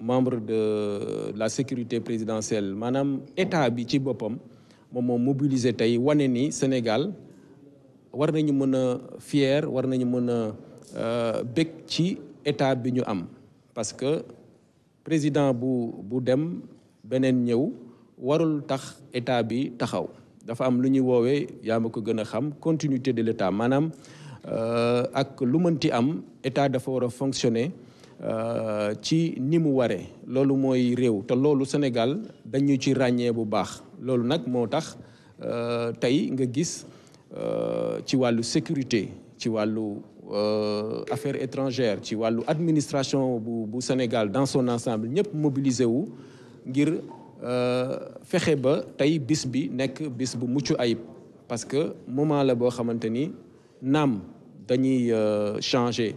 membre de la sécurité présidentielle Madame état bi ci boppam moom mobilisé tay wane Sénégal war nañu fier war nañu mën euh bég ci état bi ñu am parce que président bu bu dem benen ñew warul tax état bi taxaw dafa am lu ñuy ya ma ko gëna xam continuité de l'état euh ak lu mënti am état dafa wara fonctionner euh, ci ni mu waree loolu mooy réew te Sénégal dañu ci ragné bu baax loolu nak motax euh tay nga gis euh, ci walu sécurité ci euh affaires étrangères ci walu administration bu bu Sénégal dans son ensemble ñep mobilisé wu ngir euh, fexé ba tay bis bi nek bis bu muccu ayib parce que moment la bo xamanteni nam dañuy changer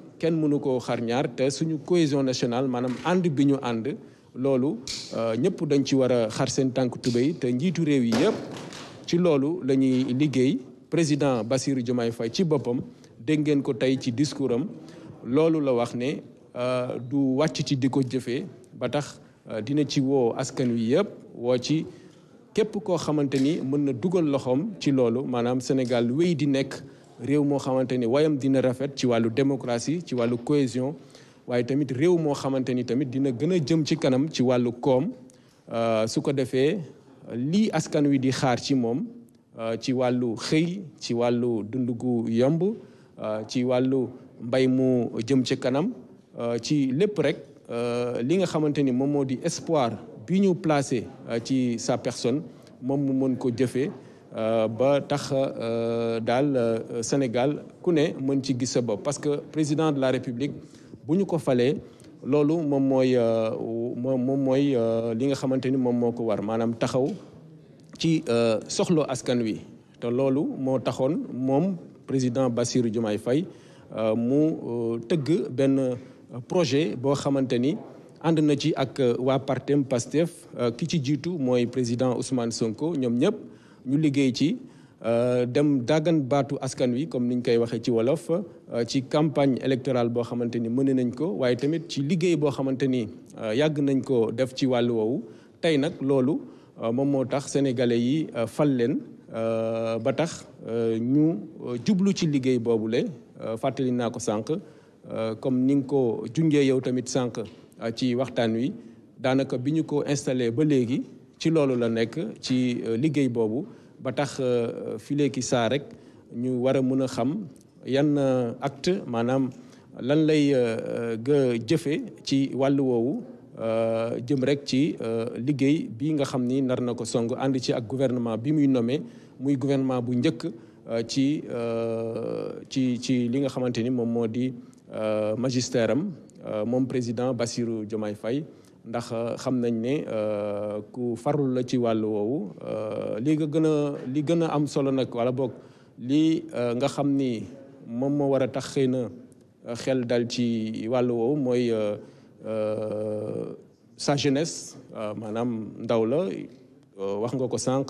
kenn mënu koo xar ñaar te suñu cohésion nationale maanaam ànd bi ñu ànd loolu euh, ñëpp dañ ci war a xar seen tànk tubéy te njiitu réew yi yëpp ci loolu la liggéey président Bassirou Diomaye Faye ci boppam dégg ngeen ko tey ci discours am loolu la wax ne euh, du wàcc ci di ko jëfee ba tax euh, dina ci woo askan wi yëpp woo ci képp koo xamante ni mën na dugal loxoom ci loolu maanaam Sénégal wéy di nekk réew moo xamante ni wayam dina rafet ci wàllu démocratie ci wàllu cohésion waaye tamit réew moo xamante ni tamit dina gën a jëm ci kanam ci wàllu koom euh, su ko defee lii askan wi di xaar ci moom euh, ci wàllu xëy ci wàllu dund gu yomb euh, ci wàllu mbay mu jëm ci kanam ci lépp rek li nga xamante ni moom moo di espoir bi ñu placé ci sa personne moom mu mën ko jëfee Euh, ba tax euh, dal euh, Sénégal ku ne mën ci gis sa bopp parce que président de la République bu ñu ko falé loolu moom mooy moom mooy li nga xamante ni moom moo ko war maanaam taxaw ci soxlo askan wi te loolu moo taxoon moom président Bassirou Diomaye Faye mu tëgg benn projet boo xamante ni ànd na ci ak waa partem Pastef ki ci jiitu mooy président Ousmane Sonko ñoom ñëpp ñu liggéey ci euh, dem dàggan baatu askan wi comme ni ñu koy waxee ci wolof euh, ci campagne électorale boo xamante ni mën nañ ko waaye tamit ci liggéey boo xamante ni euh, yàgg nañ ko def ci wàllu woowu tey nag loolu moom moo tax sénégalais yi fal leen ba tax ñu jublu ci liggéey boobule fàttali naa ko sànq comme ni nga ko junjee yow tamit sànq ci waxtaan wi daanaka bi ñu ko installé ba léegi ci loolu la nekk ci euh, liggéey boobu ba tax euh, fileeki saa rek ñu war a mën a xam yan euh, acte maanaam lan lay ga jëfe ci wàll woowu jëm rek ci liggéey bi nga xam ni nar na ko song ànd ci ak gouvernement bi muy nomee muy gouvernement bu njëkk ci ci ci li nga xamante ni moom moo di magistère am moom président Bassirou Diomaye fay ndax euh, xam nañ ne euh, ku farlu la ci wàll woowu euh, li nga gën a li gën a am solo nag wala boog lii nga xam ni moom moo war a tax xëy na xel dal ci wàllu woowu mooy sa jeunesse maanaam ndaw la wax nga ko sànq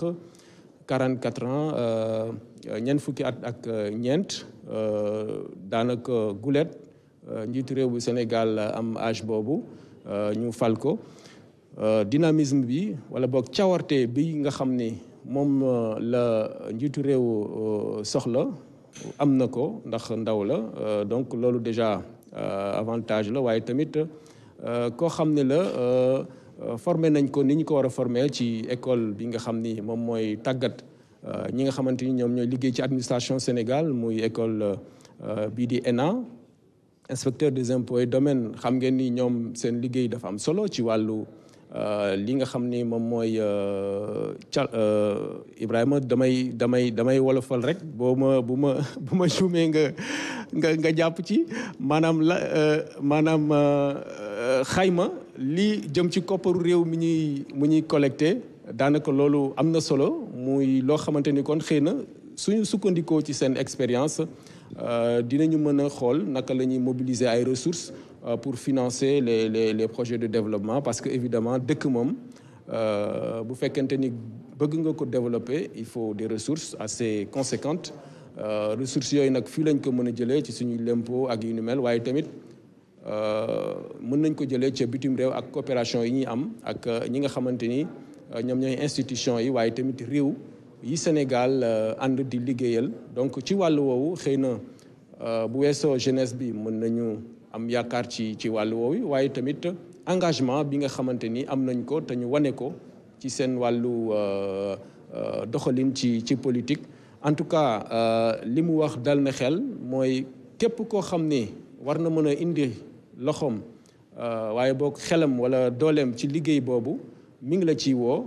44 ans ñeent fukki at ak ñeent daanaka gulet njiitu réew bu Sénégal am âge boobu Euh, ñu fal ko euh, dynamisme bi wala boog cawarte bi nga xam ni moom euh, la njiitu réew soxla am na ko ndax ndaw la donc loolu déjà avantage la waaye tamit koo xam ne la formé nañ ko ni ñu ko war a formé ci école bi nga xam ni moom mooy tàggat ñi nga xamante ni ñoom ñooy liggéey ci administration Sénégal muy école bii di ENA inspecteur des impôts et xam ngeen ni ñoom seen liggéey dafa am solo ci wàllu euh, li nga xam ni moom mooy euh, ca euh, Ibrahima damay damay damay wolofal rek boo ma bu ma bu ma juumee nga nga nga jàpp ci maanaam la maanaam xayma li jëm ci kopparu réew mi ñuy mu ñuy collecté daanaka loolu am na solo muy loo xamante ni kon xëy na suñu sukkandikoo ci sen expérience euh dinañu mëna xol naka lañuy mobiliser ay ressources euh, pour financer les les les projets de développement parce que évidemment mom euh bu fekkente ni bëgg nga ko développer il faut des ressources assez conséquentes euh ressources yooyu nak fi lañ ko mëna jëlé ci suñu lempo ak yu ni mel waye tamit euh, mën nañ ko jëlé ci bitim rew ak coopération yi ñi am ak euh, ñi nga xamanteni ñom ñoy institution yi waye tamit rew yi Sénégal euh, ànd di liggéeyal donc ci wàllu woowu xëy na euh, bu weesoo jeunesse bi mën nañu am yaakaar ci ci wàllu woowu waaye tamit engagement bi nga xamante ni am nañ ko te ñu wane ko ci seen wàllu euh, doxalin ci ci politique en tout cas li mu wax dal na xel mooy képp koo xam ni war na mën a indi loxoom waaye boog xelam wala dooleem ci liggéey boobu mu ngi la ciy woo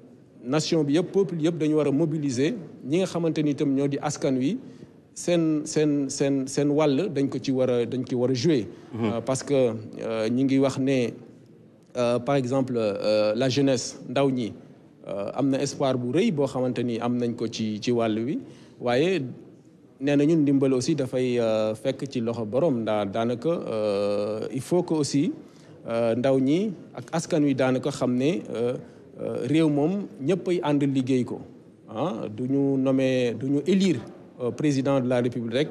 nation bi yëpp peuple yëpp dañu war a mobiliser ñi nga xamante ni itam ñoo di askan wi seen seen seen seen wàll dañ ko ci war a dañ ci war a jouer. Mhm. Euh, parce que euh, ñi ngi wax ne euh, par exemple la jeunesse ndaw ñi am na espoir bu rëy boo xamante ni am nañ ko ci ci wàll wi waaye. nee na ñun ndimbal aussi dafay fekk ci loxo borom ndaa daanaka il faut que aussi ndaw ñi ak askan wi daanaka xam ne Euh, réew moom ñëpp ànd liggéey ko ah du ñu nommer du ñu élire euh, président de la république rek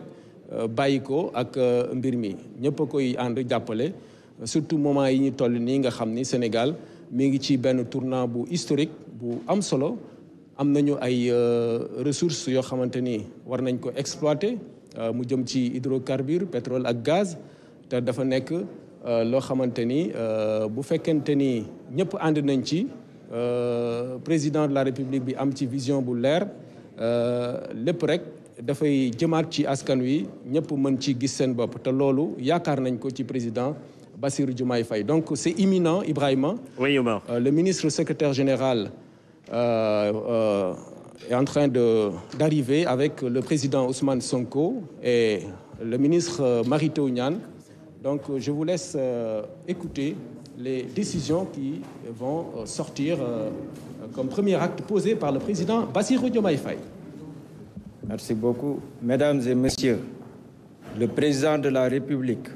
euh, bàyyi ko ak mbir mi ñëpp a koy ànd jàppale surtout moment yi ñu toll nii nga xam ni Sénégal mi ngi ci benn tournant bu historique bu am solo am nañu ay ressources yoo xamante ni war nañ ko exploiter mu jëm ci hydrocarbures pétrole ak gaz te dafa nekk loo xamante ni bu fekkente ni ñëpp ànd nañ ci Euh, président de la république bi am vision bu leer euh, lepp rek fay jëmaat ci askan wi ñëpp mën ci gis seen président Bassirou Diomaye Faye donc c'est imminent Ibrahima oui Omar euh, le ministre secrétaire général est en train d'arriver avec le président Ousmane Sonko et le ministre Maritou Teuw donc je vous laisse écouter les décisions qui vont euh, sortir euh, euh, comme premier acte posé par le président Bassirou Diomaye Faye. Merci beaucoup. Mesdames et messieurs, le président de la République,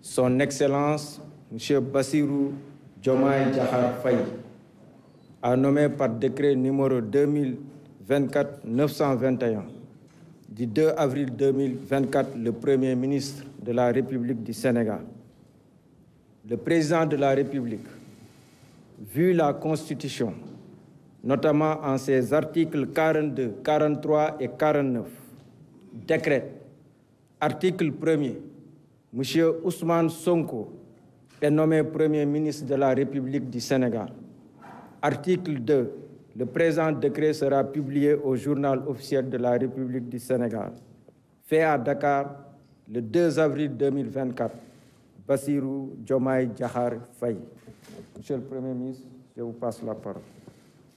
son Excellence, M. Bassirou Diomaye Djahar Faye, a nommé par décret numéro 2024-921 du 2 avril 2024 le Premier ministre de la République du Sénégal le président de la République, vu la Constitution, notamment en ses articles 42, 43 et 49, décrète, article 1er, M. Ousmane Sonko est nommé Premier ministre de la République du Sénégal. Article 2, le présent décret sera publié au journal officiel de la République du Sénégal, fait à Dakar le 2 avril 2024. Bassirou Diomaye Diakhar Faye. Monsieur le Premier ministre, je vous passe la parole.